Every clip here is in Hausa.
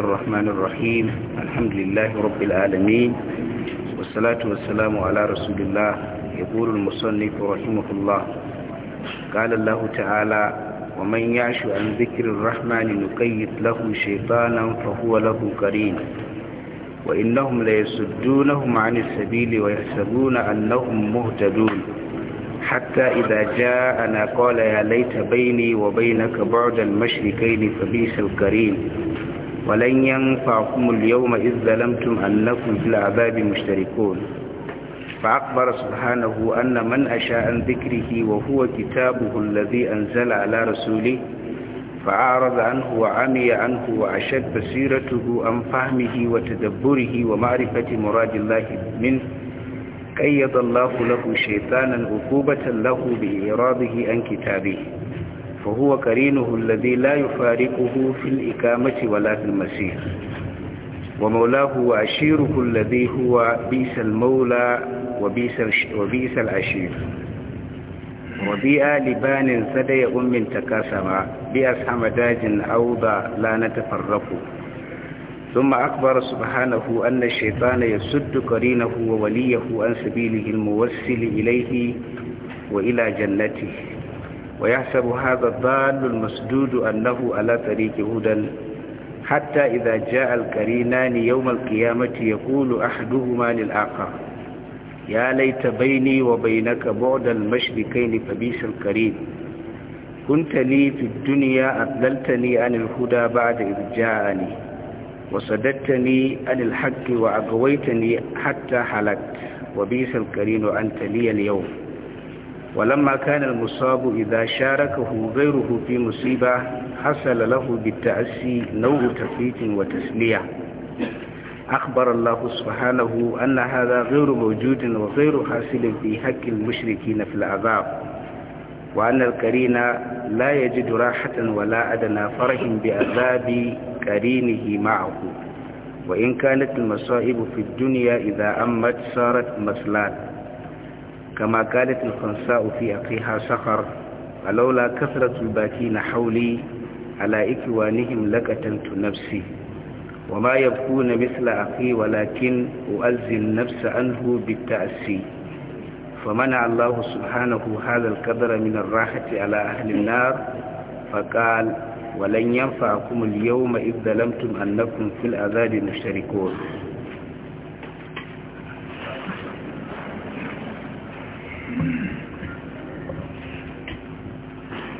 الرحمن الرحيم الحمد لله رب العالمين والصلاة والسلام على رسول الله يقول المصنف رحمه الله قال الله تعالى ومن يعش عن ذكر الرحمن نقيد له شيطانا فهو له قرين وإنهم ليصدونهم عن السبيل ويحسبون أنهم مهتدون حتى إذا جاءنا قال يا ليت بيني وبينك بعد المشركين فبئس الكريم ولن ينفعكم اليوم إذ ظلمتم أنكم في العذاب مشتركون فأخبر سبحانه أن من أشاء عن ذكره وهو كتابه الذي أنزل على رسوله فأعرض عنه وعمي عنه وأشد بصيرته عن فهمه وتدبره ومعرفة مراد الله منه قيد الله له شيطانا عقوبة له بإعراضه عن كتابه فهو كرينه الذي لا يفارقه في الإقامة ولا في المسير ومولاه وعشيره الذي هو بئس المولى وبئس العشير وبيئة لبان ثدي أم تكاسما بئس حمداج أوضى لا نتفرق ثم أكبر سبحانه أن الشيطان يسد كرينه ووليه عن سبيله الموسل إليه وإلى جنته ويحسب هذا الضال المسدود أنه على طريق هدى حتى إذا جاء الكرينان يوم القيامة يقول أحدهما للآخر يا ليت بيني وبينك بعد المشركين فبيس الكريم كنت لي في الدنيا أضللتني عن الهدى بعد إذ جاءني وصددتني عن الحق وأغويتني حتى حلت وبيس الكريم أنت لي اليوم ولما كان المصاب إذا شاركه غيره في مصيبة حصل له بالتأسي نوع تفريط وتسمية أخبر الله سبحانه أن هذا غير موجود وغير حاصل في حق المشركين في العذاب وأن الكرين لا يجد راحة ولا أدنى فرح بعذاب كرينه معه وإن كانت المصائب في الدنيا إذا أمت صارت مثلات كما قالت الخنساء في أقيها سخر ولولا كثرة الباكين حولي على إكوانهم لقتلت نفسي وما يبكون مثل أخي ولكن أؤذي النفس عنه بالتأسي فمنع الله سبحانه هذا القدر من الراحة على أهل النار فقال ولن ينفعكم اليوم إذ ظلمتم أنكم في الأذان مشتركون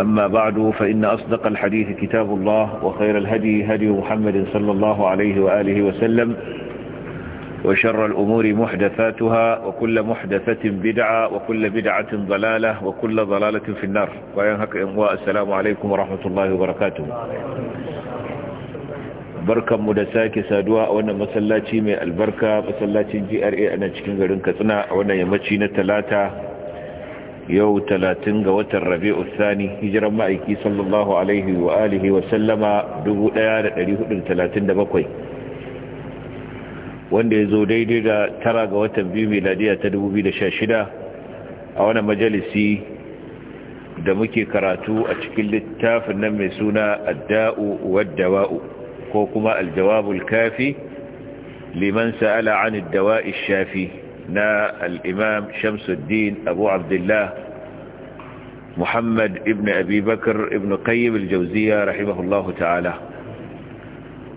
أما بعد فإن أصدق الحديث كتاب الله وخير الهدي هدي محمد صلى الله عليه وآله وسلم وشر الأمور محدثاتها وكل محدثة بدعة وكل بدعة ضلالة وكل ضلالة في النار وينهك إمواء السلام عليكم ورحمة الله وبركاته بركة مدساكي سادواء وانا مسلاتي من البركة مسلاتي جي أرئي إيه، أنا GRA a nan cikin garin Katsina yau talatin ga watan rabi'u sani hijiran ma'aiki sallallahu alaihi wa alihi wa sallama 1437 wanda ya zo daidai da tara ga watan biyu miladiya ta 2016 a wani majalisi da muke karatu a cikin littafin nan mai suna adda'u waddawa'u ko kuma aljawabul kafi liman sa'ala 'anid dawa'i shafi na al'imam shamsuddin abu abdullah muhammad ibn abubakar ibn qayyim al-jauziya rahimahullahu ta'ala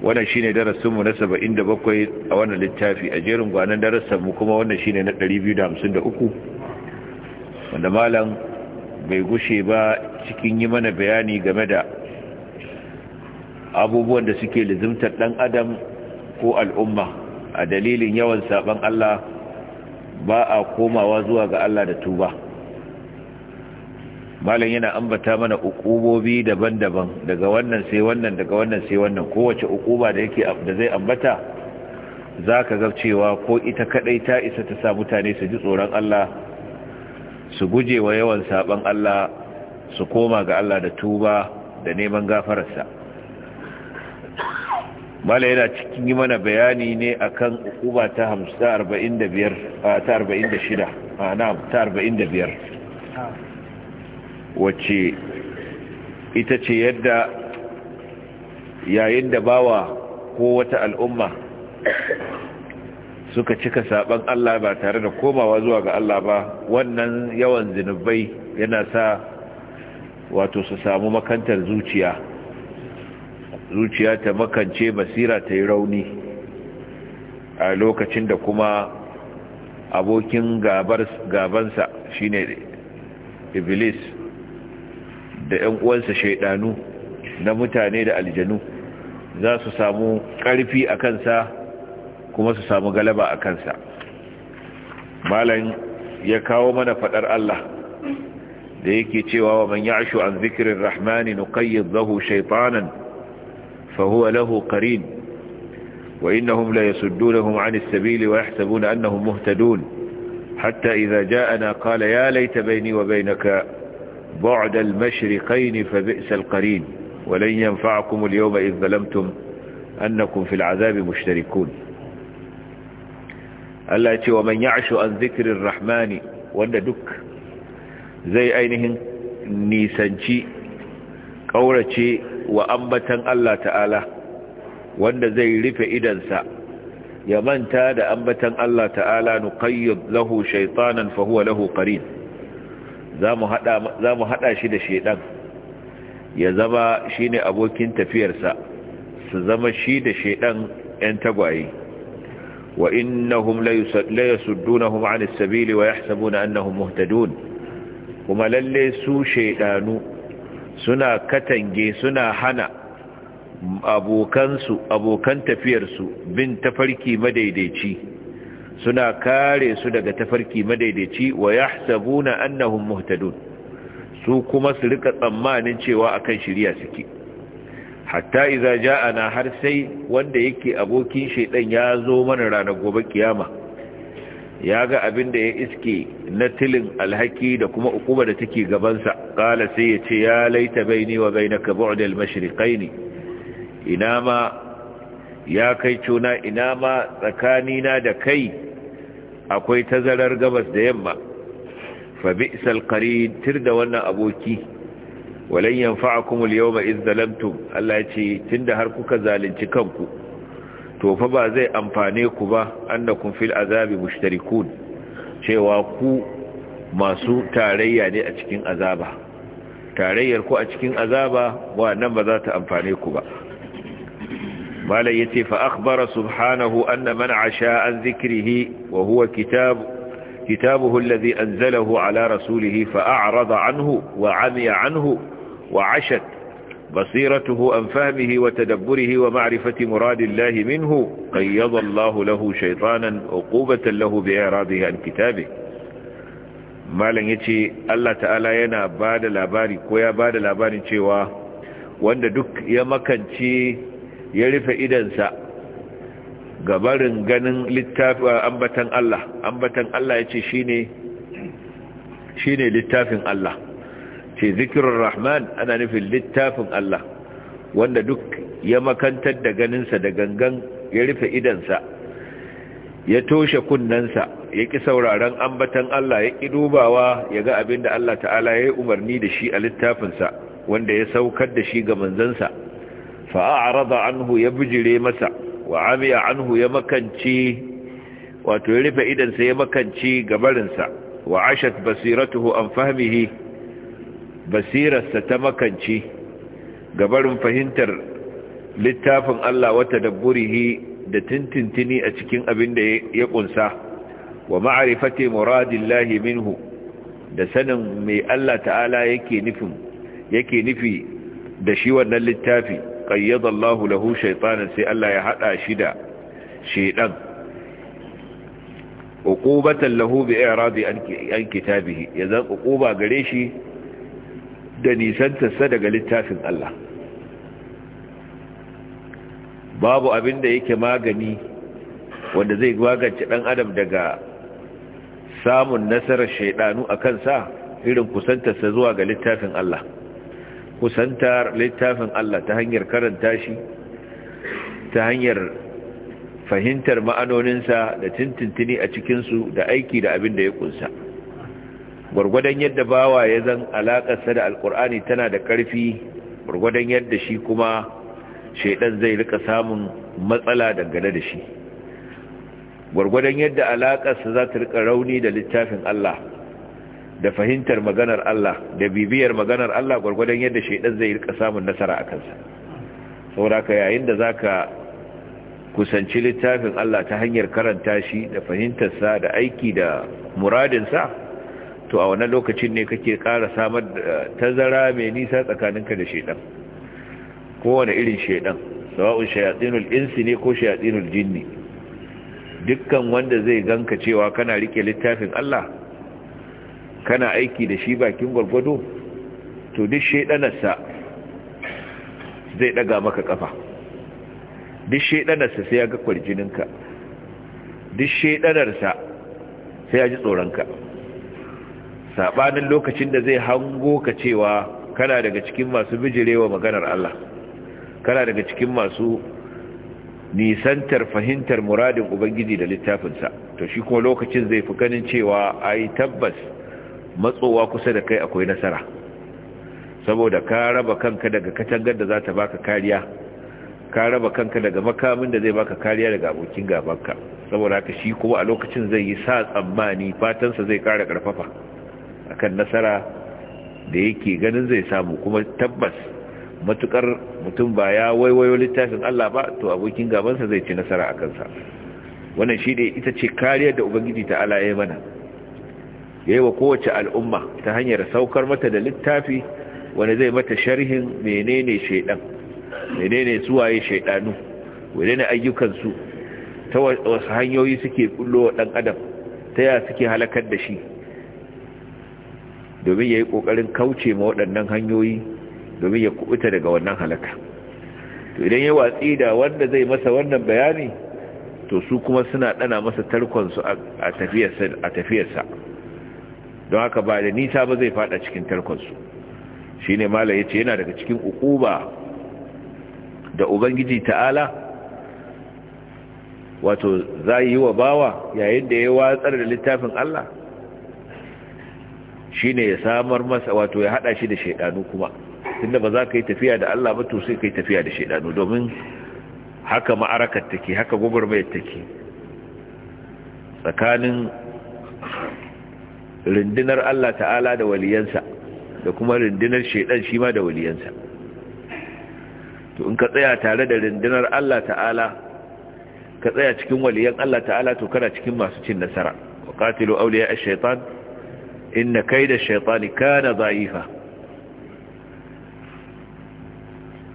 wannan shine darasinmu na 77 a wannan littafi a jerin gwanon darasinmu kuma wannan shine na 253 wanda malam bai gushe ba cikin yi mana bayani game da abubuwan da suke lizimtar dan adam ko al'umma a dalilin yawan saban Allah ba a komawa zuwa ga Allah da tuba malam yana ambata mana ukubobi daban-daban daga wannan sai wannan daga wannan sai wannan kowace ukuba da yake da zai ambata zaka ga cewa ko ita kadai ta isa ta sa mutane su ji tsoron Allah su guje wa yawan saban Allah su koma ga Allah da tuba da neman gafararsa mala yana cikin yi mana bayani ne akan ukuba ta 45 ta 45 wacce ita ce yadda yayin da bawa ko wata al'umma suka cika saban Allah ba tare da komawa zuwa ga Allah ba wannan yawan zinubai yana sa wato su samu makantar zuciya zuciya ta makance basira ta yi rauni a lokacin da kuma abokin gabansa shine iblis da 'yan uwansa shaidanu na mutane da aljanu za su samu ƙarfi a kansa kuma su samu galaba a kansa malam ya kawo mana faɗar Allah da yake cewa wa man ya'shu an zikirin rahmani nuqayyid lahu shaytanan فهو له قرين وإنهم لا يسدونهم عن السبيل ويحسبون أنهم مهتدون حتى إذا جاءنا قال يا ليت بيني وبينك بعد المشرقين فبئس القرين ولن ينفعكم اليوم إذ ظلمتم أنكم في العذاب مشتركون التي ومن يعش wa ذكر الرحمن an زي rahmani نيسانشي duk wa ambatan Allah ta'ala wanda zai rufe idansa ya manta da ambatan Allah ta'ala nuqayyid lahu shaytanan fa lahu qarin zamu hada shi da shedan ya zama ne abokin tafiyarsa su zama shi da shedan yan tagwaye wa innahum la yasuddunahum sabili wa yahsabuna annahum muhtadun kuma lalle su shaiɗanu. suna katange suna hana abokansu abokan tafiyarsu bin tafarki madaidaici suna kare su daga tafarki madaidaici wa yahsabuna annahum muhtadun su kuma su rika tsammanin cewa akan shirya suke hatta iza ja'ana har sai wanda yake abokin shaidan ya zo mana ranar gobe kiyama ya ga abin da ya iske na tilin alhaki da kuma ukuba da take gabansa kala sai ya ce ya laita baini wa bainaka bu'dal mashriqaini ina ma ya kai cuna ina ma tsakanina da kai akwai tazarar gabas da yamma fa bi'sal qarin tirda wannan aboki walan yanfa'akum al-yawma idh zalamtum Allah ya ce tunda har kuka zalunci kanku to fa ba zai amfane ku ba annakum fil azabi mushtarikun cewa ku masu tarayya ne a cikin azaba tarayyar ku a cikin azaba wannan ba za ta amfane ku ba malai yace fa akhbara subhanahu anna man asha an zikrihi wa huwa kitab kitabuhu alladhi anzalahu ala rasulihi fa a'rada anhu wa amiya anhu wa ashat بصيرته أن فهمه وتدبره ومعرفة مراد الله منه قيض الله له شيطانا عقوبة له بإعراضه عن كتابه malam ya ce Allah ta'ala yana ba da ko ya ba labarin cewa wanda duk ya makance ya rufe idansa gabarin ganin littafin ambatan Allah ambatan Allah ya ce shine littafin Allah ce zikirar rahman ana nufin littafin Allah wanda duk ya makantar da ganinsa da gangan ya rufe idansa ya toshe kunnensa ya ƙi sauraren ambatan Allah ya ƙi dubawa ya ga abin da Allah ta'ala ya yi umarni da shi a littafinsa wanda ya saukar da shi ga manzansa fa'a'arada anhu ya bijire masa wa amiya anhu ya wato ya rufe idansa ya makance gabarinsa wa ashat basiratuhu an fahmihi basirarsa ta makanci gabarin fahimtar littafin Allah wata dabburihi da tintintini a cikin abin da ya kunsa wa ma'arifati muradillahi minhu da sanin mai Allah ta'ala yake nufin yake nufi da shi wannan littafi qayyadallahu lahu shaytanan sai Allah ya hada shi da shaydan uqubatan lahu bi i'radi an kitabihi yanzu uquba gare shi da nisantarsa daga littafin Allah babu abin da yake magani wanda zai magance ɗan adam daga samun nasarar shaidanu a kansa irin kusantarsa zuwa ga littafin Allah kusantar littafin Allah ta hanyar karanta shi ta hanyar fahimtar ma'anoninsa da tintintini a cikinsu da aiki da abin da ya kunsa. gwargwadon yadda bawa ya zan alaƙarsa da alƙur'ani tana da ƙarfi gwargwadon yadda shi kuma shaidan zai rika samun matsala dangane da shi gwargwadon yadda alaƙarsa za ta rika rauni da littafin Allah da fahimtar maganar Allah da bibiyar maganar Allah gwargwadon yadda shaidan zai rika samun nasara a kansa sauraka yayin da za ka kusanci littafin Allah ta hanyar karanta shi da fahimtarsa da aiki da muradinsa to a wannan lokacin ne kake ƙara samar da tazara mai nisa tsakaninka da shedan kowane irin shedan sawa'un shayatsinul insi ne ko shayatsinul jinni dukkan wanda zai ganka cewa kana rike littafin Allah kana aiki da shi bakin gwargwado to duk shedanarsa zai daga maka kafa duk shedanarsa sai ya ga kwarjininka duk shedanarsa sai ya ji tsoronka Saɓanin lokacin da zai hango ka cewa kana daga cikin masu bijirewa maganar Allah kana daga cikin masu nisantar fahimtar muradin ubangiji da littafinsa to shi kuma lokacin zai fi ganin cewa ai tabbas matsowa kusa da kai akwai nasara saboda ka raba kanka daga katangar da za ta baka kariya ka raba kanka daga makamin da zai baka kariya daga abokin gabanka saboda haka shi kuma a lokacin zai yi sa tsammani fatansa zai kara karfafa akan nasara da yake ganin zai samu kuma tabbas matukar mutum ba ya waiwayo littafin Allah ba to abokin gabansa zai ci nasara a kansa wannan shi ne ita ce kariyar da ubangiji ta ala ya mana yayi wa kowace al'umma ta hanyar saukar mata da littafi wanda zai mata sharhin menene shaidan menene suwaye shaidanu menene ayyukansu ta wasu hanyoyi suke kullo wa ɗan adam ta ya suke halakar da shi domin ya yi ƙoƙarin kauce ma waɗannan hanyoyi domin ya kubuta daga wannan halaka to idan ya watsi da wanda zai masa wannan bayani to su kuma suna ɗana masa tarkonsu a tafiyarsa don haka ba da nisa ba zai faɗa cikin tarkonsu shi ne mala ya ce yana daga cikin ukuba da ubangiji ta'ala wato za yi wa bawa yayin da ya watsar da littafin Allah Shi ne ya samar masa wato ya hada shi da shaidanu kuma tunda ba za ka yi tafiya da Allah ba to sai ka yi tafiya da shaidanu domin haka ma'arakar take haka gugurmayar take tsakanin rundunar Allah ta'ala da waliyansa da kuma rundunar shaidan shi ma da waliyansa to in ka tsaya tare da rundunar Allah ta'ala ka tsaya cikin waliyan Allah ta'ala to kana cikin masu cin nasara wa qatilu awliya ash-shaytan inna kaida shaitani kana zaifa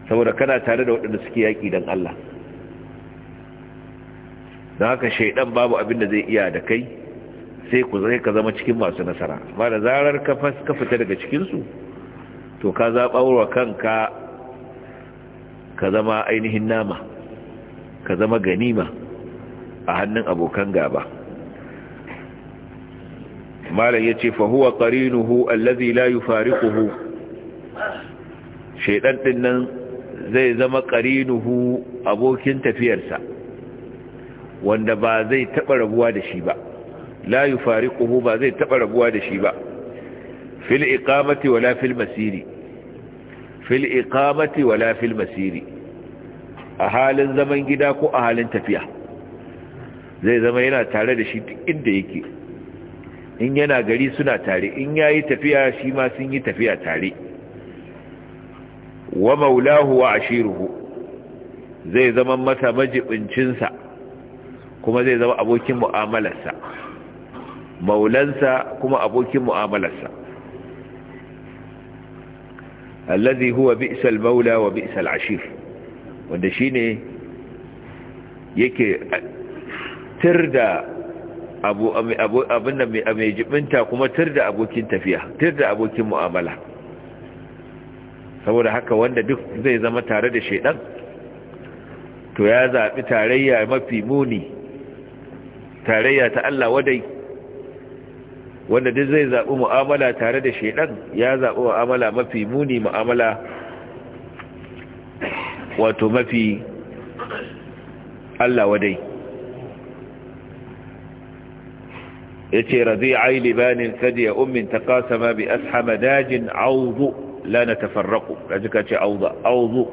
saboda kana tare da waɗanda suke yaƙi don Allah don haka shaidan babu abin da zai iya da kai sai ku zai ka zama cikin masu nasara ba da zarar ka fita daga cikinsu to ka wa kanka ka zama ainihin nama ka zama ganima a hannun abokan gaba malam yace fa huwa qarinuhu allazi la yufariquhu shaydan din nan zai zama qarinuhu abokin tafiyarsa wanda ba zai taɓa rabuwa da shi ba la yufariquhu ba zai taɓa rabuwa da shi ba fil iqamati wala fil masiri fil iqamati wala fil masiri a halin zaman gida ko a halin tafiya zai zama yana tare da shi duk inda yake in yana gari suna tare in ya yi tafiya shi ma sun yi tafiya tare wa maulahu wa ashiruhu zai zama masa majibincinsa kuma zai zama abokin mu'amalarsa maulansa kuma abokin mu'amalarsa allazi huwa bi'sal maula wa bi'sal ashir wanda shine yake tir da abu abin da mai jibinta kuma tur da abokin tafiya tur da abokin mu'amala saboda haka wanda duk zai zama tare da shaidan to ya zaɓi tarayya mafi muni tarayya ta Allah wadai wanda duk zai zaɓi mu'amala tare da shaidan ya zaɓi mu'amala mafi muni mu'amala wato mafi Allah wadai yace razi'ai libanin sadiya ummin taqasama bi ashama dajin auzu la natafarraqu kaji kace auza auzu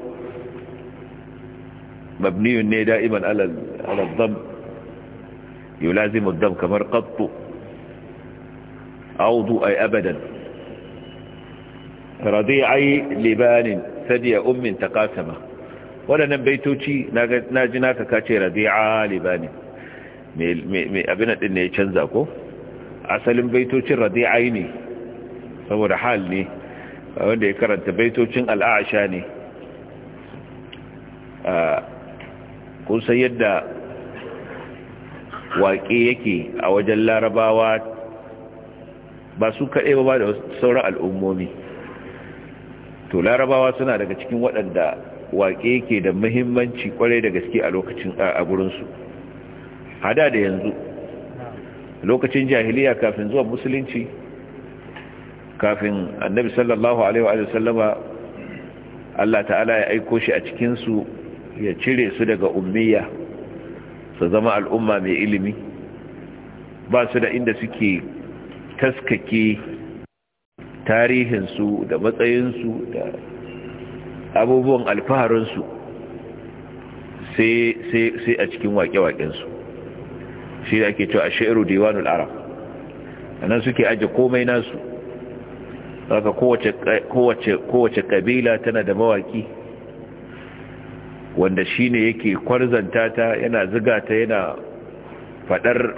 mabni ne da'iman ala ala dham yulazimu dam kamar qattu auzu ay abadan razi'ai libanin sadiya ummin taqasama wadannan baitoci naji naka kace razi'a libanin me abin din ne ya canza ko asalin baitocin radi'ai ne saboda hal ne wanda ya karanta baitocin al'asha ne kun san yadda waƙe yake a wajen larabawa ba su kaɗe ba da sauran al'ummomi to larabawa suna daga cikin waɗanda waƙe yake da muhimmanci ƙwarai da gaske a lokacin a gurinsu hada da yanzu lokacin jahiliya kafin zuwa musulunci kafin annabi sallallahu alaihi wa sallama Allah ta'ala ya aiko shi a cikinsu ya cire su daga ummiya su zama al'umma mai ilimi ba su da inda suke taskake tarihinsu da matsayinsu da abubuwan alfaharinsu sai a cikin waƙe-waƙensu shi da ake cewa ashairu diwanul arab nan suke aje komai nasu haka kowace kowace kabila tana da mawaki wanda shine yake kwarzanta ta yana ziga ta yana fadar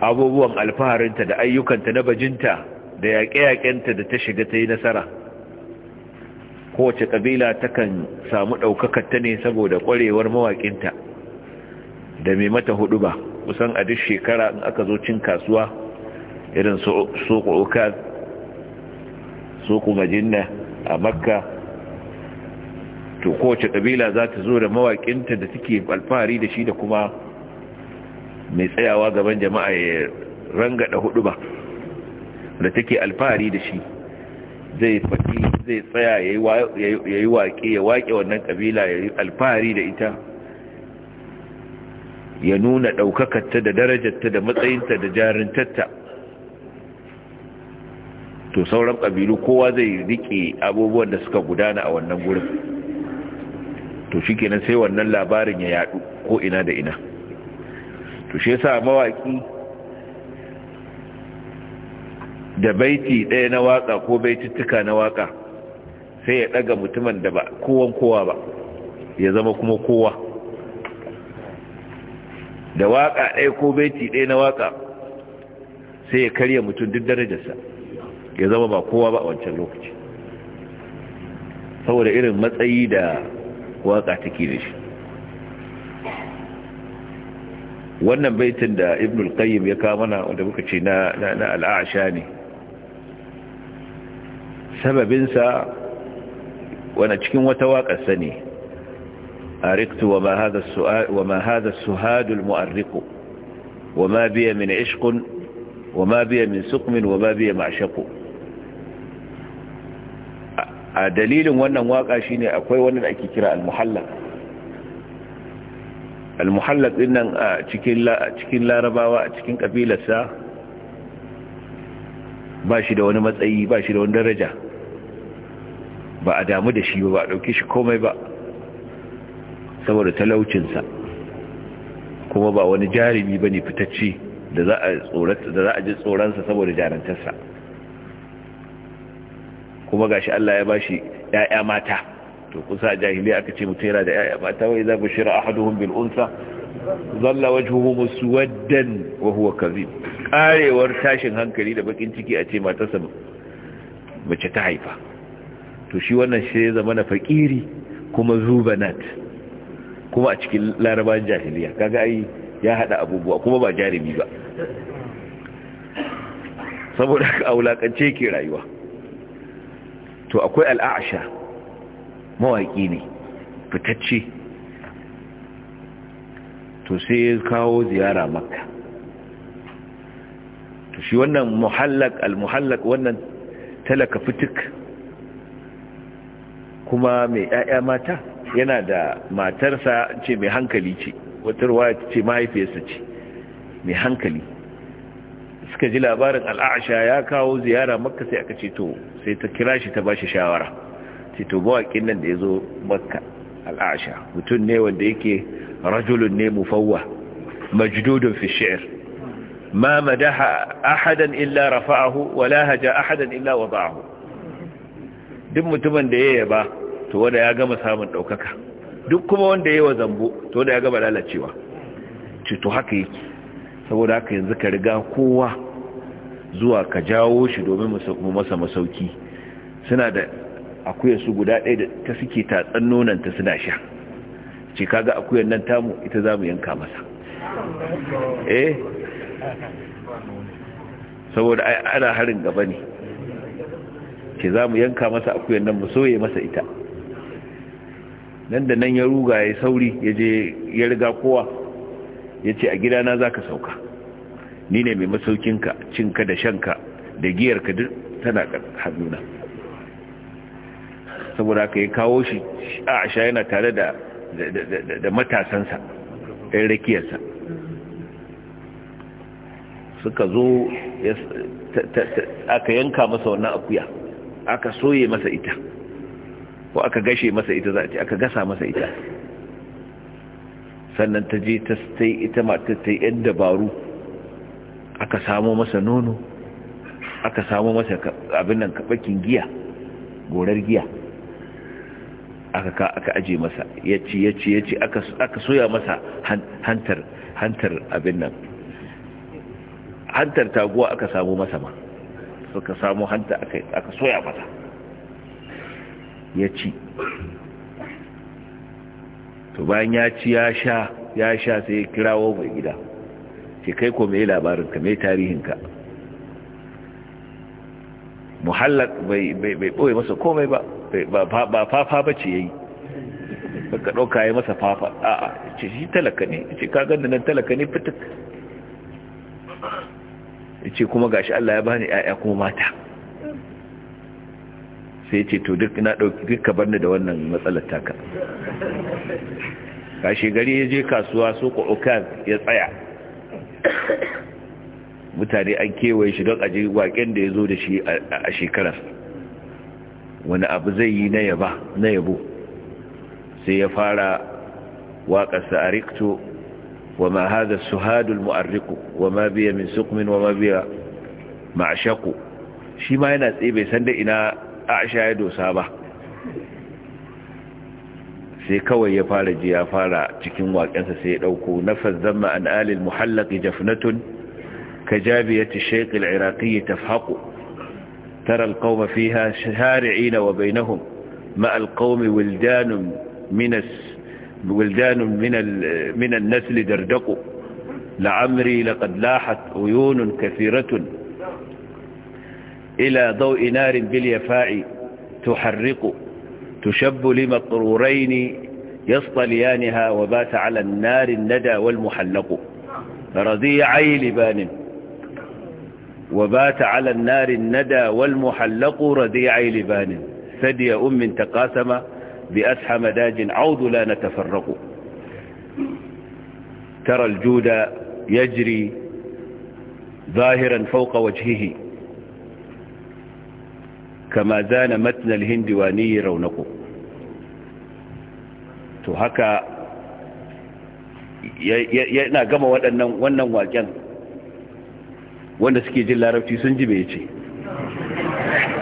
abubuwan alfaharinta da ayyukanta na bajinta da yaƙe-yaƙenta da ta shiga ta yi nasara kowace ƙabila takan samu ta ne saboda ƙwarewar mawaƙinta da mai mata hudu ba kusan a duk shekara in aka zo cin kasuwa irin soko ukaz soko majinna a makka to kowace kabila za ta zo da mawaƙinta da suke alfahari da shi da kuma mai tsayawa gaban jama'a ya ranga rangada hudu ba da take alfahari da shi zai faɗi zai tsaya ya yi waƙe ya waƙe wannan ƙabila ya yi alfahari da ita ya nuna ɗaukakarta da darajarta da matsayinta da jarintarta to sauran ƙabilu kowa zai riƙe abubuwan da suka gudana a wannan gurin to shi sai wannan labarin ya yaɗu ko ina da ina to shi yasa mawaƙi da baiti ɗaya na waka ko baitittuka na waka sai ya ɗaga mutumin da ba kowan kowa ba ya zama kuma kowa da waka ɗaya ko baiti ɗaya na waka sai ya karya mutum duk darajarsa ya zama ba kowa ba a wancan lokaci saboda irin matsayi da waka take da shi wannan baitin da ibn al-qayyim ya kawo mana wanda muka ce na na al'asha ne sababinsa wani cikin wata waƙarsa ne أرقت وما هذا, السؤال وما هذا السهاد المؤرق وما بي من عشق وما بي من سقم وما بي معشق a dalilin wannan waka shine akwai wani da ake kira al-muhallaq al-muhallaq din nan a cikin cikin larabawa a cikin kabilarsa ba shi da wani matsayi ba shi da wani daraja ba a damu da shi ba a dauke shi komai ba saboda talaucinsa kuma ba wani jarumi ba ne fitacce da za a ji tsoronsa saboda jarantarsa kuma gashi Allah ya bashi ‘ya'ya mata to kusa a jahiliya aka ce mutu yana da ‘ya'ya mata wai za ku shira a haduhun bil'unsa zalla wajuhu su waddan wa huwa karewar tashin hankali da bakin ciki a ce matarsa mace ta haifa to shi wannan shi zama na fakiri kuma zubanat kuma a cikin laraba jahiliya kaga ai ya hada abubuwa kuma ba jarumi ba saboda a wulakance ke rayuwa to akwai al'asha mawaƙi ne fitacce to sai ya kawo ziyara makka to shi wannan muhallak al-muhallak wannan talaka fitik kuma mai 'ya'ya mata yana da matarsa ce mai hankali ce wata ruwa ce mahaifiyarsa ce mai hankali suka ji labarin al'asha ya kawo ziyara makka sai aka ce to sai ta kira shi ta ba shi shawara ce to mawaƙin nan da ya zo makka al'asha mutum ne wanda yake rajulun ne mufawwa majdudun fi shi'ir ma madaha ahadan illa rafa'ahu wala haja ahadan illa wada'ahu duk mutumin da ya yaba to wanda ya gama samun ɗaukaka duk kuma wanda ya yi wa zambo to wanda ya gama lalacewa ce to haka yake saboda haka yanzu ka riga kowa zuwa ka jawo shi domin mu masa masauki suna da akuyar su guda ɗaya da ta suke tatsan nonan ta suna sha ce kaga akuyar nan tamu ita za mu yanka masa eh saboda ana harin gaba ne ke za mu yanka masa akuyar nan mu soye masa ita nan da nan ya ruga ya sauri ya je ya riga kowa ya ce a gidana za ka sauka ni ne mai masaukinka ka da shanka da giyarka duk tana hannuna saboda ka yi kawo shi a sha yana tare da matasansa ɗan rakiyarsa suka zo aka yanka masa wannan akuya aka soye masa ita ko aka gashe masa ita za a ce aka gasa masa ita sannan ta je ta tai ita matar ta yan dabaru aka samo masa nono aka samo masa abin nan kabakin giya gorar giya aka aka aje masa yaci yaci yaci aka aka soya masa hantar hantar abin nan hantar taguwa aka samo masa ma suka samo hanta aka soya masa ya ci to bayan ya ci ya sha ya sha sai ya kirawo mai gida ke kai ko mai labarinka mai tarihinka muhallak bai ɓoye masa komai ba ba fafa ba ce ya yi ka ɗauka ya masa fafa a a ce shi talaka ne ce ka da nan talaka ne fitik ce kuma gashi Allah ya bani 'ya'ya kuma mata sai ce to duk na dauki duk ka barni da wannan matsalar taka kashi gari ya je kasuwa su ƙo'okaz ya tsaya mutane an kewaye shi don aji waƙen da ya zo da shi a shekarar wani abu zai yi na yabo sai ya fara waƙarsa a rikto wa ma haza suhadul mu'arriku wa ma biya min sukumin wa ma biya ma'ashaku shi ma yana tsebe sanda san da ina aisha ya dosa ba sai kawai ya fara ji ya fara cikin waƙensa sai ya ɗauko nafas zama an alil muhallaki jafnatun ka jabiyati shaikil iraqiyyi tafhaqu tara alqawma fiha shari'ina wa bainahum ma alqawmi wildanun min wildanun min min an-nasl dardaqu la'amri laqad lahat uyunun kathiratun إلى ضوء نار باليفاع تحرق تشب لمقرورين يصطليانها وبات على النار الندى والمحلق رضيعي لبان وبات على النار الندى والمحلق رضيعي لبان ثدي أم تقاسم بأسحم داج عوض لا نتفرق ترى الجود يجري ظاهرا فوق وجهه kama zana matnal hindiwani raunako to haka yana gama waɗannan wannan waƙen wanda suke jin larabci sun ji mai ce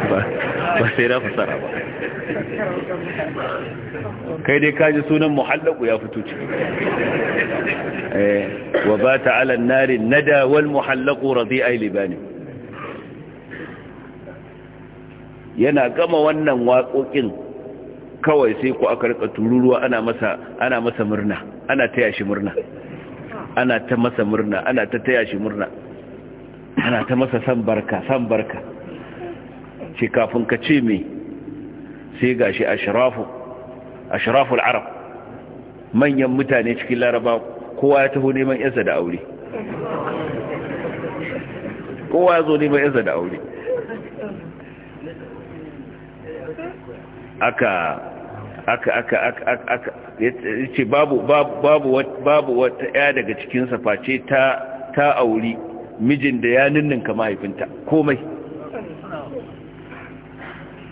ba sai na fasara ba kai dai kaji sunan muhallaku ya fito ciki eh, wa ba ta'alan nari nada wal muhallaku radi ai libani yana gama wannan waƙoƙin kawai sai ku aka rika tururuwa ana masa ana masa murna ana taya shi murna ana ta masa murna ana ta taya shi murna ana ta masa san barka san barka ce kafin ka ce me sai gashi ashrafu al arab manyan mutane cikin laraba kowa ya taho neman yansa da aure kowa ya zo neman yansa da aure aka aka aka aka yace babu babu babu wata ɗaya daga cikin face ta ta auri mijin da ya ninninka mahaifinta komai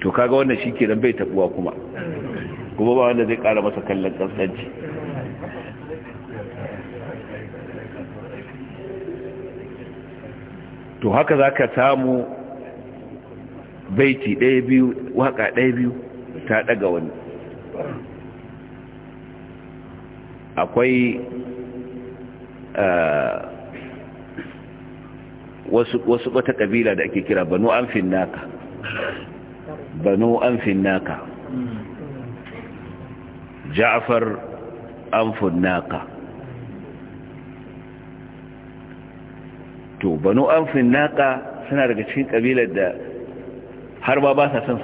to kaga wannan shi kenan bai tabuwa kuma kuma ba wanda zai kara masa kallon kaskanci to haka za ka samu baiti ɗaya biyu waka ɗaya biyu ta daga wani akwai eh, wasu wata kabila da ake kira banu amfin naka banu amfin naka ja'far amfin naka to banu amfin naka suna daga cikin kabilar da har ma ba sa son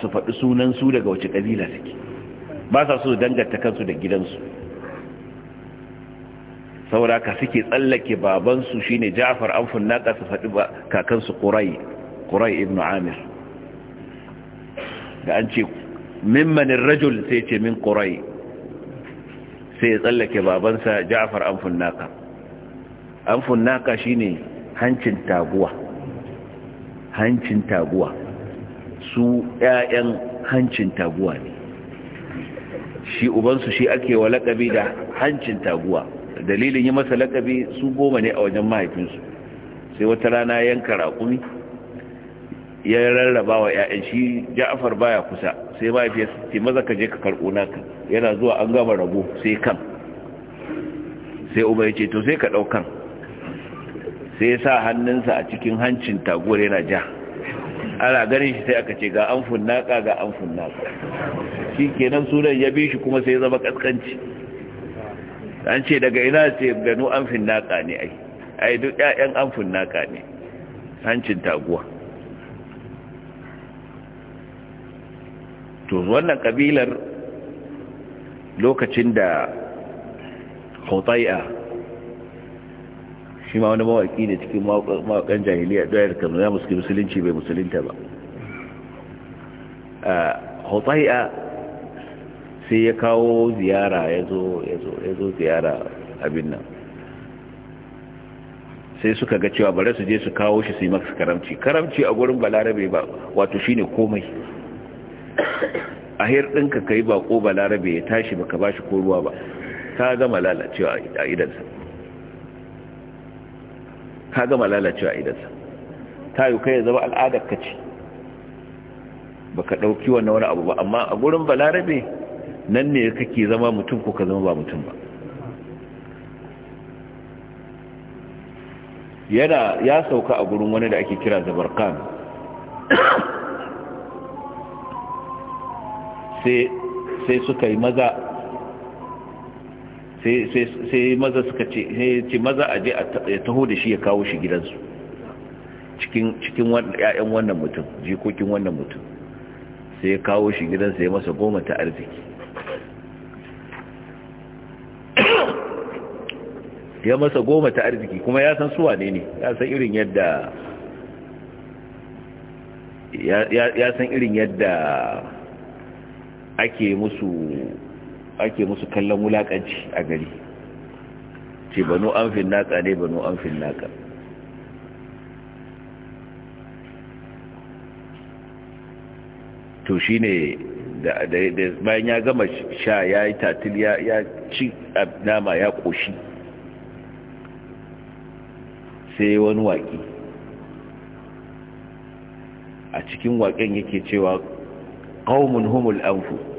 su faɗi sunan su daga wace ƙabila suke ba sa so danganta kansu da gidansu saboda ka suke tsallake babansu shine Ja'far an funnaka su faɗi ba kakansu Quray Quray ibn Amir da an ce mimman ar-rajul sai ce min Quray sai tsallake babansa Ja'far an funnaka an funnaka shine hancin taguwa hancin taguwa su ƴaƴan hancin taguwa ne shi ubansu shi ake wa lakabi da hancin taguwa dalilin yi masa lakabi su goma ne a wajen mahaifinsu sai wata rana yanka raƙumi ya rarraba wa ‘ya'yan shi ja'afar baya kusa sai mahaifiyarsa ce maza ka je ka karɓo naka yana zuwa an gama rabo sai kan sai uba ya ce to sai ka ɗaukan sai ya sa hannunsa a cikin hancin taguwar yana ja ana ganin shi sai aka ce ga an funnaka ga an funnaka shi kenan sunan ya bi shi kuma sai ya zama kaskanci an ce daga ina ce gano an funnaka ne ai ai duk ƴaƴan an funnaka ne hancin taguwa to wannan kabilar lokacin da Hutai'a shi ma wani mawaƙi ne cikin mawaƙan jahiliya ɗaya da kamar ya musulun musulunci bai musulunta ba a hutai'a sai ya kawo ziyara ya zo ziyara abin nan sai suka ga cewa bare su je su kawo shi su yi maka karamci karamci a gurin balarabe ba wato shine komai a ɗinka ka yi bako balarabe ya tashi baka ba shi ko ruwa ba ta gama lalacewa a idansa ka gama lalacewa idansa ta yi kai ya zama al'adar ka ce ba ka ɗauki wannan wani abu ba amma a gurin balarabe nan ne kake zama mutum ko ka zama ba mutum ba yana ya sauka a gurin wani da ake kira Zabar kan sai suka yi maza sai maza suka ce maza a je ya taho da shi ya kawo shi gidansu cikin ‘ya'yan wannan mutum jikokin wannan mutum sai ya kawo shi gidansa ya masa goma ta arziki ya masa goma ta arziki kuma ya san suwa ne ne ya san irin yadda ya san irin yadda ake musu ake musu kallon wulakanci a gari ce banu an fin naka ne banu an fin naka to shi ne bayan ya gama sha ya yi tatil ya ci nama ya ƙoshi sai wani waƙi a cikin waƙen yake cewa ƙaumin humul anfu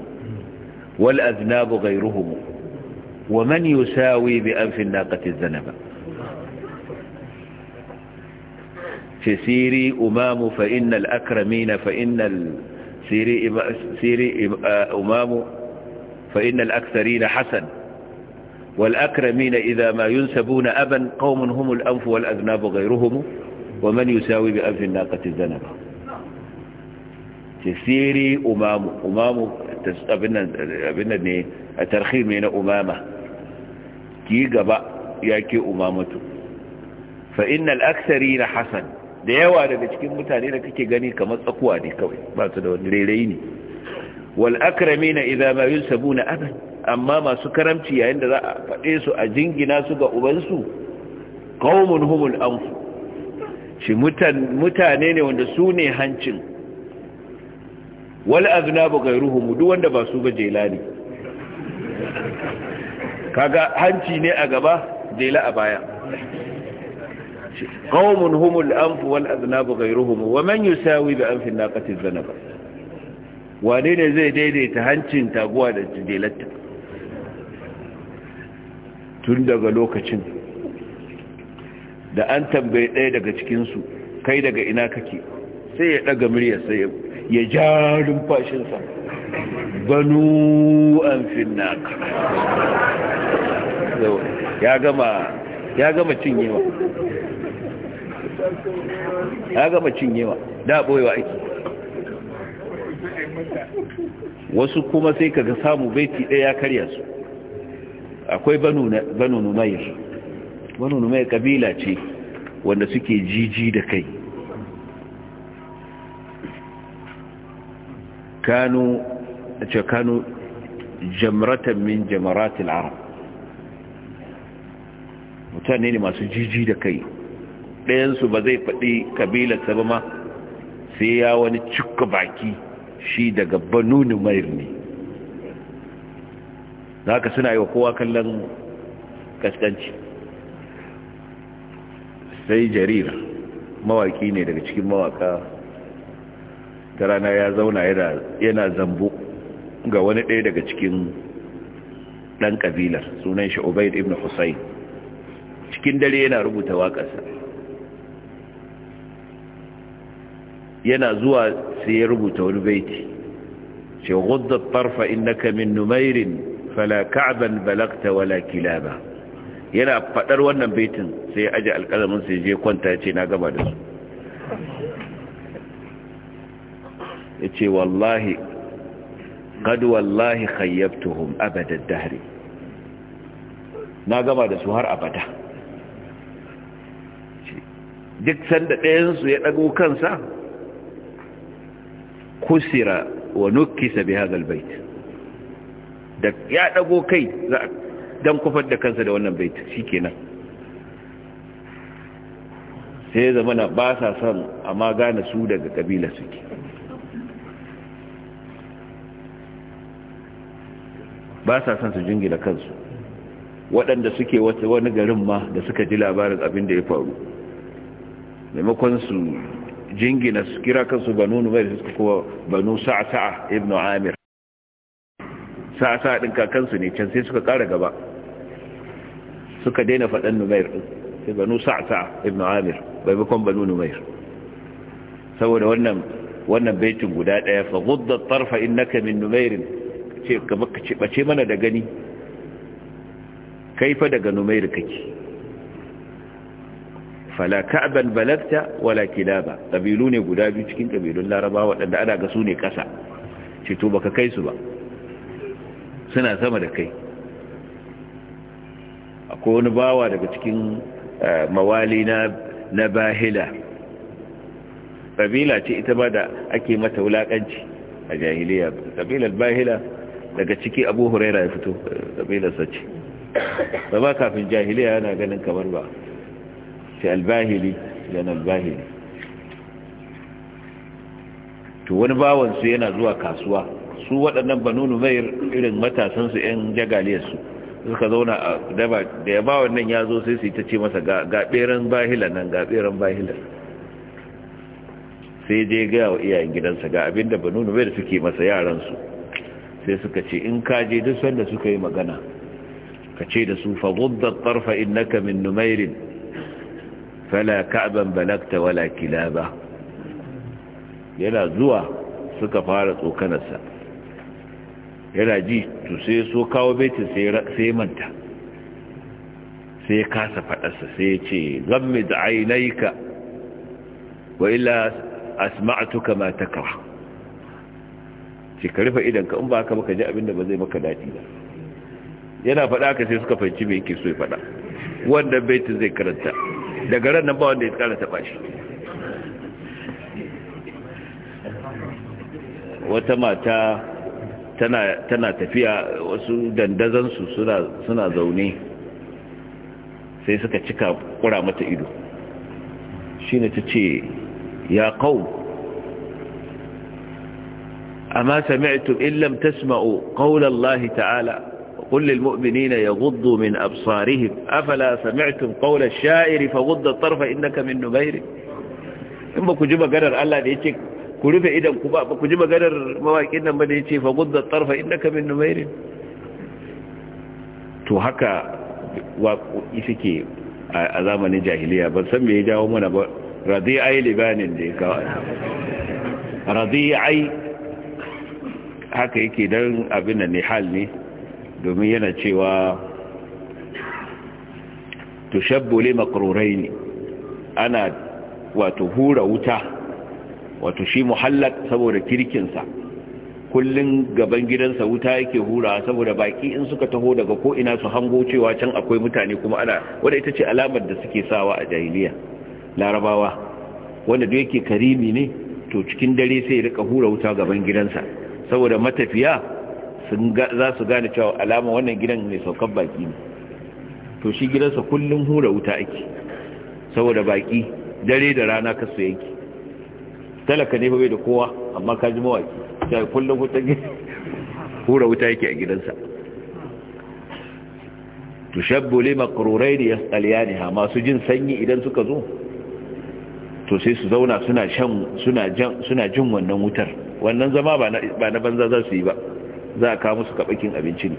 والأذناب غيرهم ومن يساوي بأنف الناقة الذنب فسيري سيري أمام فإن الأكرمين فإن سيري سيري آه، أمام فإن الأكثرين حسن والأكرمين إذا ما ينسبون أبا قوم هم الأنف والأذناب غيرهم ومن يساوي بأنف الناقة الذنب ce siri umamu umamu abin da ne a tarhim mai na umama ki gaba ya ke umamatu fa innal aksari na hasan da yawa daga cikin mutane da kake gani kamar tsakuwa ne kawai ba su da wani rairayi ne wal akrami na idama yunsabu na abin? amma masu karamci yayin da za a faɗe su a jingina su ga ubansu qaumun humul amfu. shi mutane ne wanda su ne hancin wal aznabu ghayruhum duk wanda ba su ba jela ne. kaga hanci ne a gaba jela a baya qaumun humul anf wal aznabu ghayruhum wa man yusawi bi anfi naqati zanaba wane ne zai daidaita hancin taguwa da jelatta tun daga lokacin da an tambaye ɗaya daga cikinsu kai daga ina kake sai ya ɗaga murya sai ya ya ja rumfashinsa banu an finna ya gama ya gama cinyewa ya gama cinyewa da boyewa aiki. wasu kuma sai kaga samu baiti ɗaya ya karya su akwai banu numayar banu numayar kabila ce wanda suke jiji da kai kanu ce kanu min jamaratil mutane ne masu jiji da kai ɗayansu ba zai faɗi kabilarsa ba ma sai ya wani cika baki shi daga banu numair ne da haka suna yi wa kowa kallon kaskanci sai jarira mawaki ne daga cikin mawaka ta rana ya zauna yana zambu ga wani ɗaya daga cikin ɗan ƙabilar sunan shi obaid ibn husayn cikin dare yana rubuta waƙarsa yana zuwa sai ya rubuta wani baiti ce gudda tarfa innaka min numairin fala ka'ban balagta wala kilaba yana faɗar wannan baitin sai ya aje alƙalamin sai je kwanta ya ce na gaba da su Yace ce wallahi kadu wallahi khayyabtuhum abada dahri na gama da su har abada duk sanda ɗayansu ya ɗago kansa kusira wa nukisa bi hadal bait da ya ɗago kai za dan kufar da kansa da wannan bait shikenan sai zamana ba sa san amma gane su daga kabila suke ba sa son su jingina kansu waɗanda suke wani garin ma da suka ji labarin abin da ya faru maimakon su jingina su kira kansu banu numar suka kuma banu sa'asa'a ibn amir sa'asa'a ɗin kakansu ne can sai suka ƙara gaba suka daina faɗan numair ɗin sai banu sa'asa'a ibn amir maimakon banu numair saboda wannan baitin guda ɗaya fa gudda tarfa innaka min numairin ce ka ce bace mana da gani kaifa daga numair kake fala ka'ban balagta wala kilaba kabilu ne guda biyu cikin kabilun laraba waɗanda ana ga su ne ƙasa ce to baka kai su ba suna sama da kai akwai wani bawa daga cikin eh, mawali na bahila kabila ce ita ba da ake mata wulakanci a jahiliya kabilar bahila daga ciki abu huraira ya fito kabilarsa ce da ba kafin jahiliya yana ganin kamar ba sai albahili yana albahili to wani bawansu yana zuwa kasuwa su waɗannan banunu mai irin matasansu 'yan jagaliyarsu suka zauna a daba da ya ba wannan ya zo sai su ta ce masa ga ɓeren bahila nan ga ɓeren bahila sai je gaya wa iyayen gidansa ga abinda banu da suke masa yaransu sai suka ce in ka je duk sanda suka yi magana ka ce da su faguddar tarfa innaka min numairin fala ka'ban balagta wala kilaba yana zuwa suka fara tsokanarsa yana ji to sai so kawo baitin sai manta sai ya kasa faɗarsa sai ya ce zammid ka. wa ila asma'atuka ma takra ce ka rufe idan ka in ba haka maka ji abin ba zai maka daɗi ba yana faɗa ka sai suka fahimci me yake so ya faɗa wanda baitin zai karanta daga ran nan ba wanda ya tsara taɓa shi wata mata tana, tana tafiya wasu dandazansu suna, suna zaune sai suka cika kura mata ido shi ne ta ce ya kawo أما سمعتم إن لم تسمعوا قول الله تعالى وقل للمؤمنين يغضوا من أبصارهم أفلا سمعتم قول الشاعر فغض الطرف إنك من نبير إن بكو جمع قرر الله ليتك كلفة إذا بكو جمع قرر مواكينا من يتك فغض الطرف إنك من نبير to haka waƙoƙi suke a zamanin jahiliya ban san me ya jawo mana ba radi'ai libanin da ya kawo radi'ai haka yake don abin da nihal ne domin yana cewa tushabbole makarorai ne ana wato hura wuta wato shi muhallak saboda kirkinsa kullum gaban gidansa wuta yake hura saboda baki in suka taho daga ko ina su hango cewa can akwai mutane kuma ana wadda ita ce alamar da suke sawa a jahiliya larabawa wanda duk yake karimi ne to cikin dare sai ya rika hura wuta gaban gidansa saboda matafiya za su gane cewa alama wannan gidan mai saukan baki ne to shi gidansa kullum hura wuta ake saboda baki dare da rana kasu yanki talaka ne bai da kowa amma ka ji mawaki sai kullum hura wuta yake a gidansa to tushabbu li maqrurai da yasqaliyaniha masu jin sanyi idan suka zo to sai su zauna suna jin wannan wutar wannan zama ba na banza za su yi ba za a kawo musu kaɓakin abinci ne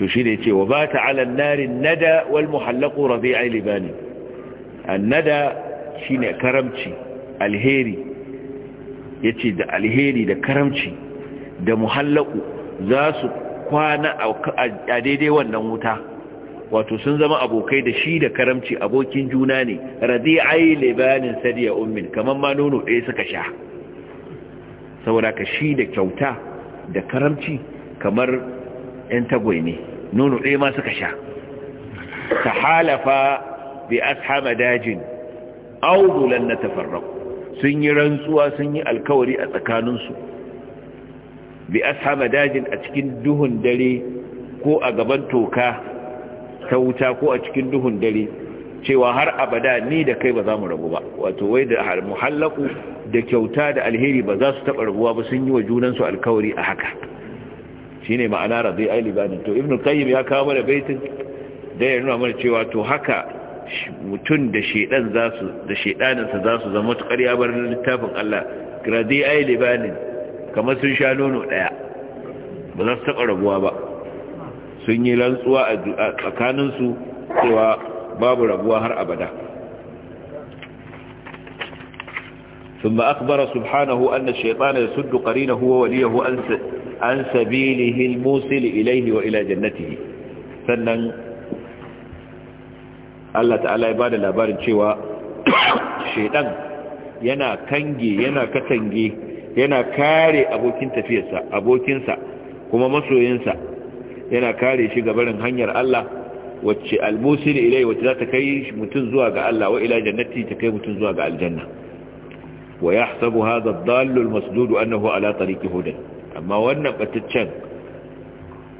to shi ne ce wa ba ta alan narin nada wal muhallaku rabe a libani nada shi ne karamci alheri ya ce da alheri da karamci da muhallaku za su kwana a daidai wannan wuta wato sun zama abokai da shi da karamci abokin juna ne radi'ai libanin sadiya ummin kaman ma nono ɗaya suka sha saboda ka shi da kyauta da karamci kamar ɗan tagwai ne nono ɗaya ma suka sha ta halafa bi ashaba dajin audulan na tafarraku sun yi rantsuwa sun yi alkawari a tsakaninsu bi ashaba dajin a cikin duhun dare ko a gaban toka ta wuta ko a cikin duhun dare cewa har abada ni da kai ba za mu rabu ba wato wai da muhallaku da kyauta da alheri ba za su taɓa rabuwa ba sun yi wa junansu alkawari a haka shi ne ma'ana razi libanin to ibn qayyim ya kawo mana baitin da ya nuna mana cewa to haka mutum da shedan za su da shedaninsa za su zama tukar ya bar littafin Allah razi libanin kamar sun sha nono ɗaya ba za su taɓa rabuwa ba sun yi rantsuwa a tsakaninsu cewa babu rabuwa har abada ثم أخبر سبحانه أن الشيطان يسد قرينه an عن سبيله الموصل wa ila جنته sannan Allah ta'ala ya ba da labarin cewa shaidan yana kange yana katange yana kare abokin tafiyarsa abokinsa kuma masoyinsa yana kare shi ga barin hanyar Allah wacce almusil ilai wacce za ta kai mutum zuwa ga Allah wa ila jannati ta kai mutum zuwa ga aljanna wa yahsabu hadha ad-dallu al-masdud annahu ala tariqi hudan amma wannan bataccen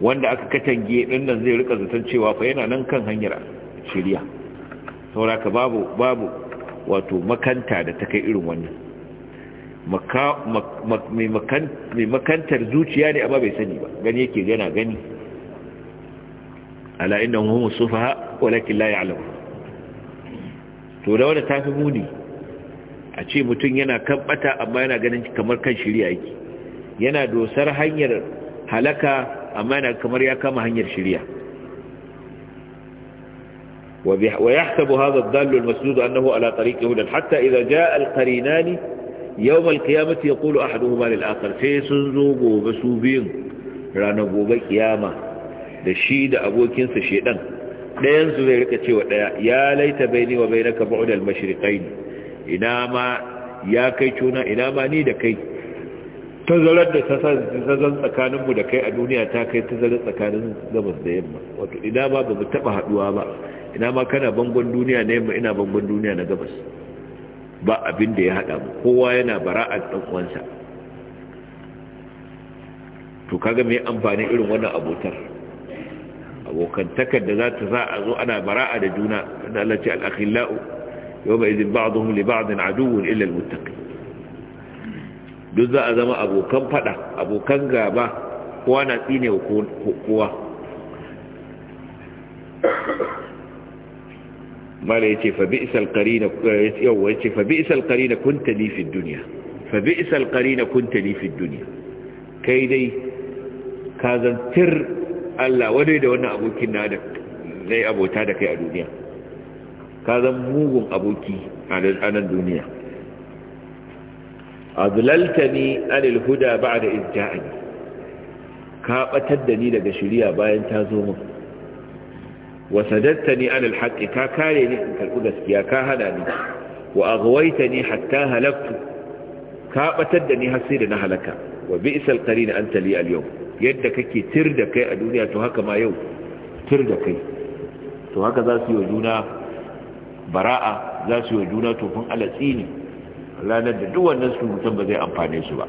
wanda aka katange din nan zai rika zaton cewa fa yana nan kan hanyar shiriya sauraka babu babu wato makanta da ta kai irin wannan mai makantar zuciya ne amma bai sani ba gani yake yana gani ala inda hum sufaha walakin la ya'lamu to da wanda tafi muni a ce mutum yana kan bata amma yana ganin kamar kan shirya yana dosar hanyar halaka amma yana kamar ya kama hanyar shirya ويحسب هذا الضال المسدود أنه على طريق هدى حتى إذا جاء القرينان يوم القيامة يقول أحدهما للآخر سيسنزو قوبسو بين رانبوب قيامة da shi da abokinsa shedan ɗayan su zai rika cewa ɗaya ya laita baini wa bainaka mashirikai mashriqain ina ma ya kai cuna ina ma ni da kai tazarar da tazazan tsakaninmu da kai a duniya ta kai tazarar tsakanin gabas da yamma wato ina ma ba mu taɓa haɗuwa ba ina ma kana bangon duniya na yamma ina bangon duniya na gabas ba abin da ya haɗa mu kowa yana bara'ar uwansa. to kaga me amfani irin wannan abotar abokantakar da za ta za a zo ana bara'a da juna da Allah ce al-akhillau yawma idhin ba'dhum li ba'din aduwwun illa al-muttaqin duk za a zama abokan fada abokan gaba kowa na tsine kowa mala yace fa bi'sal qarina yawa yace fa bi'sal qarina kunta li fi dunya fa bi'sal qarina kunta li fi dunya kai dai ka zantar Allah wadai da wannan abokin na da zai abota da kai a duniya ka zan mugun aboki a nan duniya azlaltani anil huda ba'da izja'ani ka batar da ni daga shari'a bayan ta zo min wasadattani anil haqqi ka kare ni in karbi gaskiya ka hada ni wa aghwaytani hatta halaktu ka batar da ni har sai da na halaka wa bi'sal qarin anta li al-yawm yadda kake tir da kai a duniya to haka ma yau tir da kai to haka za su yi wa juna bara'a za su yi wa juna tofin alatsi ne ranar da duwannan mutum ba zai amfane su ba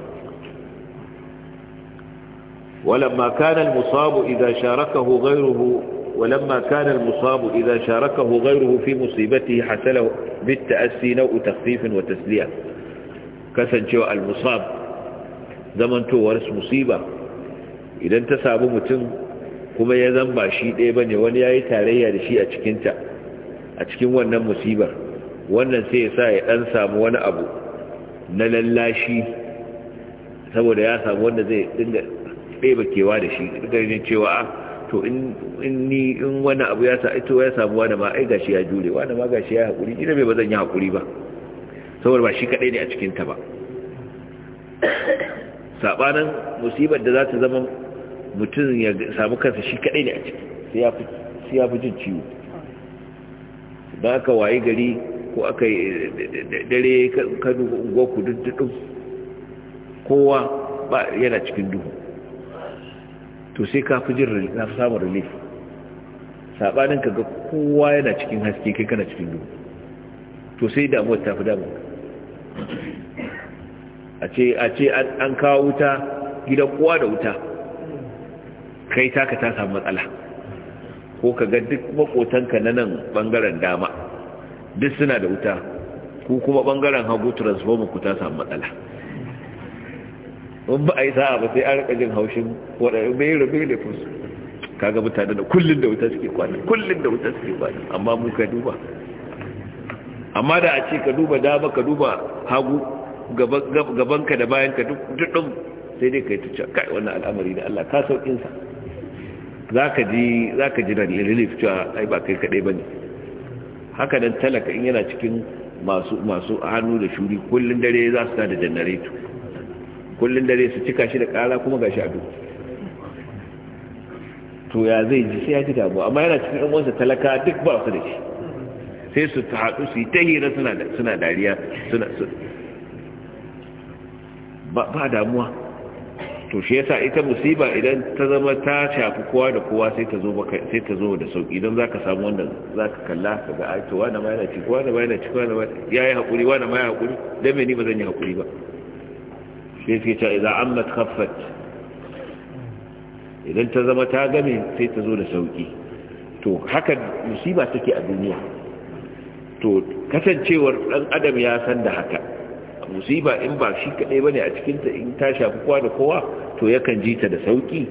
ولما كان المصاب إذا شاركه غيره ولما كان المصاب إذا شاركه غيره في مصيبته حصل بالتأسي نوء تخفيف وتسلية كسن شواء المصاب زمن توارس مصيبة idan ta samu mutum kuma ya zan ba shi ɗaya ba ne wani ya yi tarayya da shi a cikinta a cikin wannan musibar wannan sai ya sa ya ɗan samu wani abu na lallashi saboda ya samu wanda zai dinga ɗeba kewa da shi ganin cewa a ah, to in wani abu ya sa ito ya samu wani ma ai gashi ya jure wani ma gashi ya haƙuri ina mai ba zan yi haƙuri ba saboda ba shi kaɗai ne a cikinta ba saɓanin musibar da za ta zama mutum ya samu kansa shi kadai ne a ciki sai ya fi jin ciwo ba aka waye gari ko aka yi dare kanu goku duddudun kowa ba yana cikin duhu to sai ka fi jin na samun relief saɓanin ka ga kowa yana cikin haske kai kana cikin duhu to sai damuwa ta fi damuwa a ce an kawo wuta gidan kowa da wuta kai taka ta samu matsala ko ka ga duk makotanka na nan bangaren dama duk suna da wuta ku kuma bangaren hagu transformer ku ta samu matsala ba a yi sa'a ba sai an rika jin haushin waɗanda mai rabe da fusu ga mutane da kullum da wuta suke kwana kullum da wuta suke kwana amma mu ka duba amma da a ce ka duba dama ka duba hagu gabanka da bayanka duk duk sai dai ka yi tuccar kai wannan al'amari da Allah ka sauƙinsa. za ka ji relief cewa ai ba kai kaɗai ba ne haka nan talaka in yana cikin masu hannu da shuri kullum dare za su da janareto kullum dare su cika shi da ƙara kuma ga shaɗu to ya zai ji sai ya ji damu amma yana cikin ɗan wasu talaka duk ba su da shi sai su haɗu su yi ta hira suna dariya suna ba damuwa to shi yasa ita musiba idan ta zama ta shafi kowa da kowa sai ta zo sai ta zo da sauki idan zaka samu wanda zaka kalla ka ai to wanda ma yana ci kowa da ma yana ci kowa da ma yayi hakuri wanda ma ya hakuri dan me ni ba zan yi hakuri ba shi sai ta idan amma ta khaffat idan ta zama ta game sai ta zo da sauki to haka musiba take a duniya to kasancewar dan adam ya san da haka musiba in ba shi kadai bane a cikin ta in ta shafi kowa da kowa to yakan ji ta da sauƙi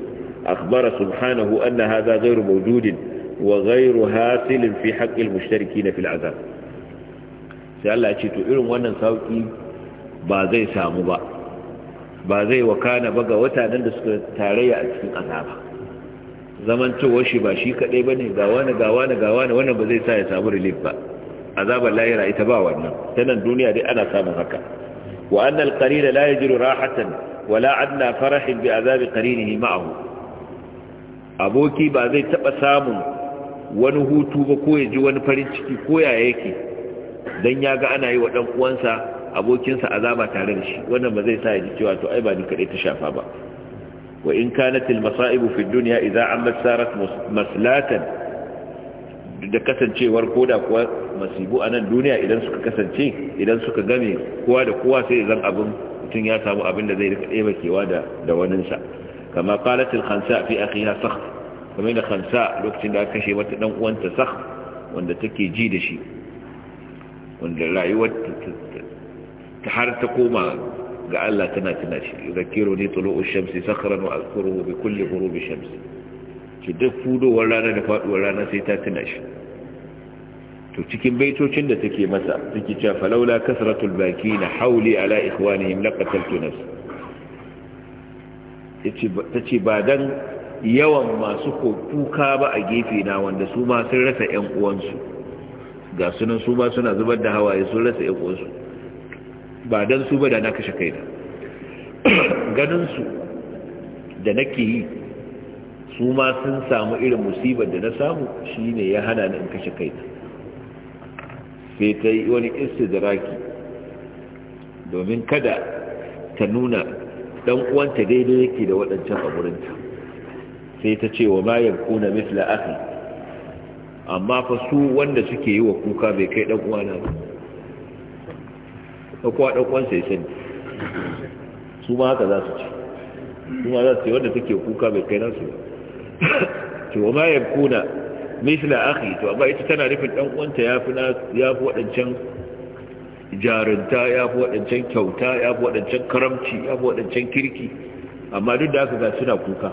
akhbara subhanahu anna hadha ghayru mawjudin wa ghayru hasilin fi haqqi al na fil azab sai Allah ce to irin wannan sauƙi ba zai samu ba ba zai wakana ba ga watanen da suka tarayya a cikin azaba zaman zamantowar shi ba shi kadai bane ga wani ga wani wannan ba zai sa ya samu relief ba azabar layira ita ba wannan ta duniya dai ana samun haka wa anna al-qarin la yajiru rahatan wala adna farahin bi azabi qarinihi ma'ahu aboki ba zai taba samun wani hutu ba ko ya ji wani farin ciki ko ya yake dan ya ga ana yi wa ɗan uwansa abokinsa azaba tare da shi wannan ba zai sa ya ji cewa to ai ba ni kadai ta shafa ba wa in kanat al-masa'ib fi ad-dunya idza ammat maslatan da kasancewar koda kuwa masibu a nan duniya idan suka kasance idan suka game kowa da kowa sai zan abin mutum ya samu abin da zai rika ɗeba kewa da waninsa kama qalatil khansa fi yi sakh kamar da khansa lokacin da aka kashe wata dan uwanta sa wanda take ji da shi wanda rayuwar ta har ta koma ga Allah tana tana shi zakiru ne tulu'ush shamsi sakhran wa azkuruhu bi kulli ghurubi shamsi ce duk fudowar rana da faduwar rana sai ta tuna shi to cikin baitocin da take masa take cewa falaula kasratul bakina hauli ala ikhwanihim laqataltu nafsi yace tace ba dan yawan masu kuka ba a gefe na wanda su ma sun rasa ƴan uwansu ga sunan su ma suna zubar da hawaye sun rasa ƴan uwansu ba dan su ba da na kashe kaina ganin su da nake yi su ma sun samu irin musibar da na samu shine ya hana ni in kashe kaina sai ta yi wani istidraki domin kada ta nuna dan uwanta daidai yake da waɗancan aburinta sai ta ce wa mayan kuna misla aka amma fa su wanda suke yi wa kuka bai kai dan uwana ba dan uwan sai sani su ma haka za su ce su ma za su ce wanda take kuka bai kai nasu ba to ma kuna misla akhi to amma ita tana nufin dan uwanta yafi na yafi wadancan jarunta yafi wadancan kyauta yafi wadancan karamci yafi wadancan kirki amma duk da haka ga suna kuka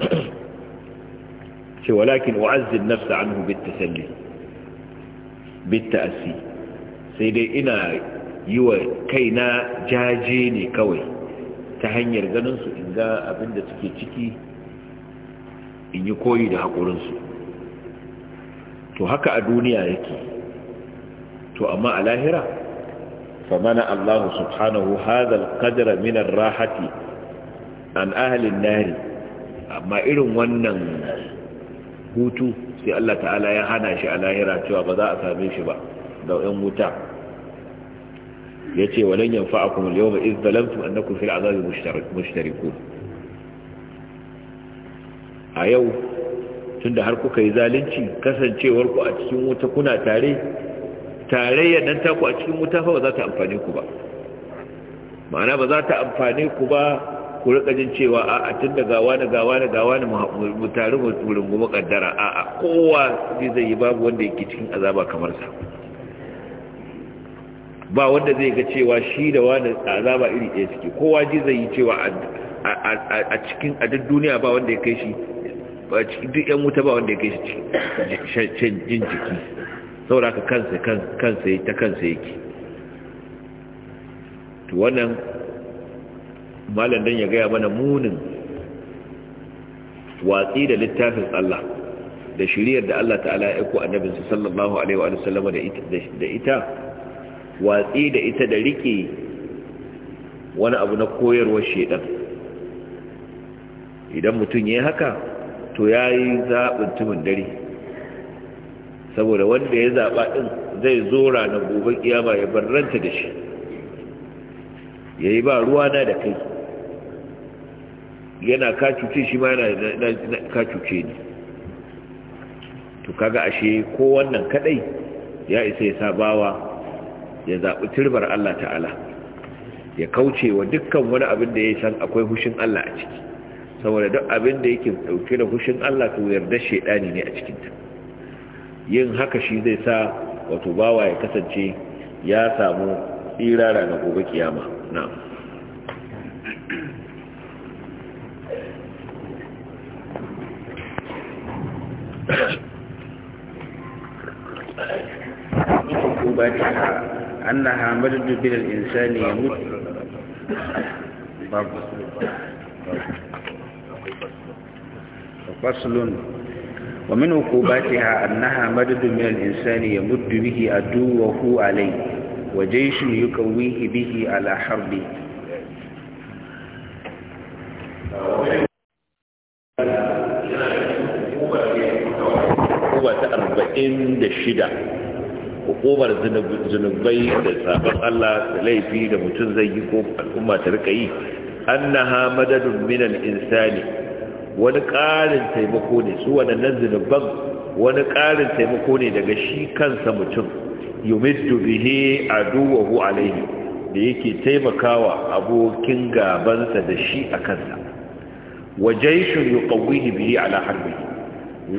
ce walakin u'azzi nafsa anhu bit bitasi sai dai ina yi wa kaina jaje ne kawai ta hanyar ganin su in ga abin da suke ciki in yi koyi da haƙurinsu to haka a duniya yake to amma a lahira famana allahu subhanahu hadal kadara minar rahati an ahli nari amma irin wannan hutu sai Allah ta'ala ya hana shi a lahira cewa ba za a same shi ba da ɗan wuta yace walan yanfa'akum al-yawma idh zalamtum annakum fil 'adhabi mushtarikun a yau tun da har kuka yi zalunci kasancewar ku a cikin wuta kuna tare tare yadda ta ku a cikin wuta fa ba za ta amfane ku ba ma'ana ba za ta amfane ku ba ku rika jin cewa a tun da gawa na gawa na gawa na mu tare mu mu kaddara a a kowa zai yi babu wanda yake cikin azaba kamar sa ba wanda zai ga cewa shi da wani azaba iri ɗaya suke kowa ji zai yi cewa a cikin a duk duniya ba wanda ya kai shi ba cikin duk yan wuta ba wanda ya kai shi jin jiki saboda ka kansa kansa ta kansa yake to wannan malam ya gaya mana munin watsi da littafin Allah da shiriyar da Allah ta'ala ya aiko annabinsa sallallahu alaihi wa sallam da ita watsi da ita da rike wani abu na koyarwar shaidan idan mutum ya haka to ya yi zaɓin tumin dare saboda wanda ya zaɓa ɗin zai zora na gobe kiyama ya barranta da shi ya yi ba ruwa na da kai yana ka cuce shi ma yana ka cuce to kaga ashe ko wannan kadai ya isa ya sabawa ya zaɓi turbar Allah ta'ala ya kauce wa dukkan wani abin da ya san akwai hushin Allah a ciki saboda duk abin da yake dauke da fushin Allah to yarda shedani ne a cikin ta yin haka shi zai sa wato bawa ya kasance ya samu tsirara daga gobe kiyama na'am أنها مجد بلا الإنسان يموت بابا فصلون ومن عقوباتها أنها مدد من الإنسان يمد به عدوه عليه وجيش يكويه به على حربه arba'in da shida hukumar zunubai da sabon Allah da laifi da mutum zai yi ko al'umma ta rika yi annaha madadun min insani wani ƙarin taimako ne su waɗannan zunuban wani ƙarin taimako ne daga shi kansa mutum yumiddu bihi aduwahu alaihi da yake taimakawa abokin gabansa da shi a kansa wajaishun yuqawwihi bihi ala harbi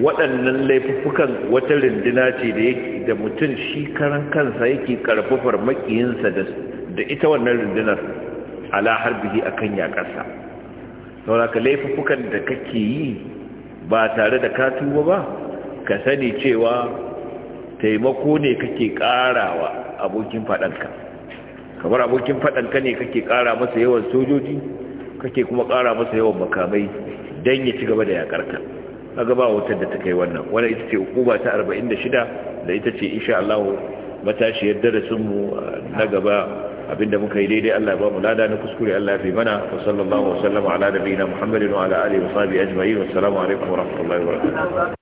waɗannan laifuffukan wata rinduna ce da yake da mutum shi karan kansa yake karfafar makiyinsa da ita wannan rundunar ala harbihi akan yakarsa sauraka laifukan da kake yi ba tare da ka tuba ba ka sani cewa taimako ne kake karawa abokin Ka kamar abokin ka ne kake kara masa yawan sojoji kake kuma ƙara masa yawan makamai dan ya ci gaba da yakarka kaga ba wutar da ta kai wannan wannan ita ce hukuma ta 46 da ita ce insha Allah matashiyar darasinmu na gaba abinda muka yi daidai Allah ba mu lada na kuskure Allah fi mana wa sallallahu wa sallama ala nabiyina Muhammadin wa ala alihi wa sahbihi ajma'in wa assalamu alaikum wa rahmatullahi wa barakatuh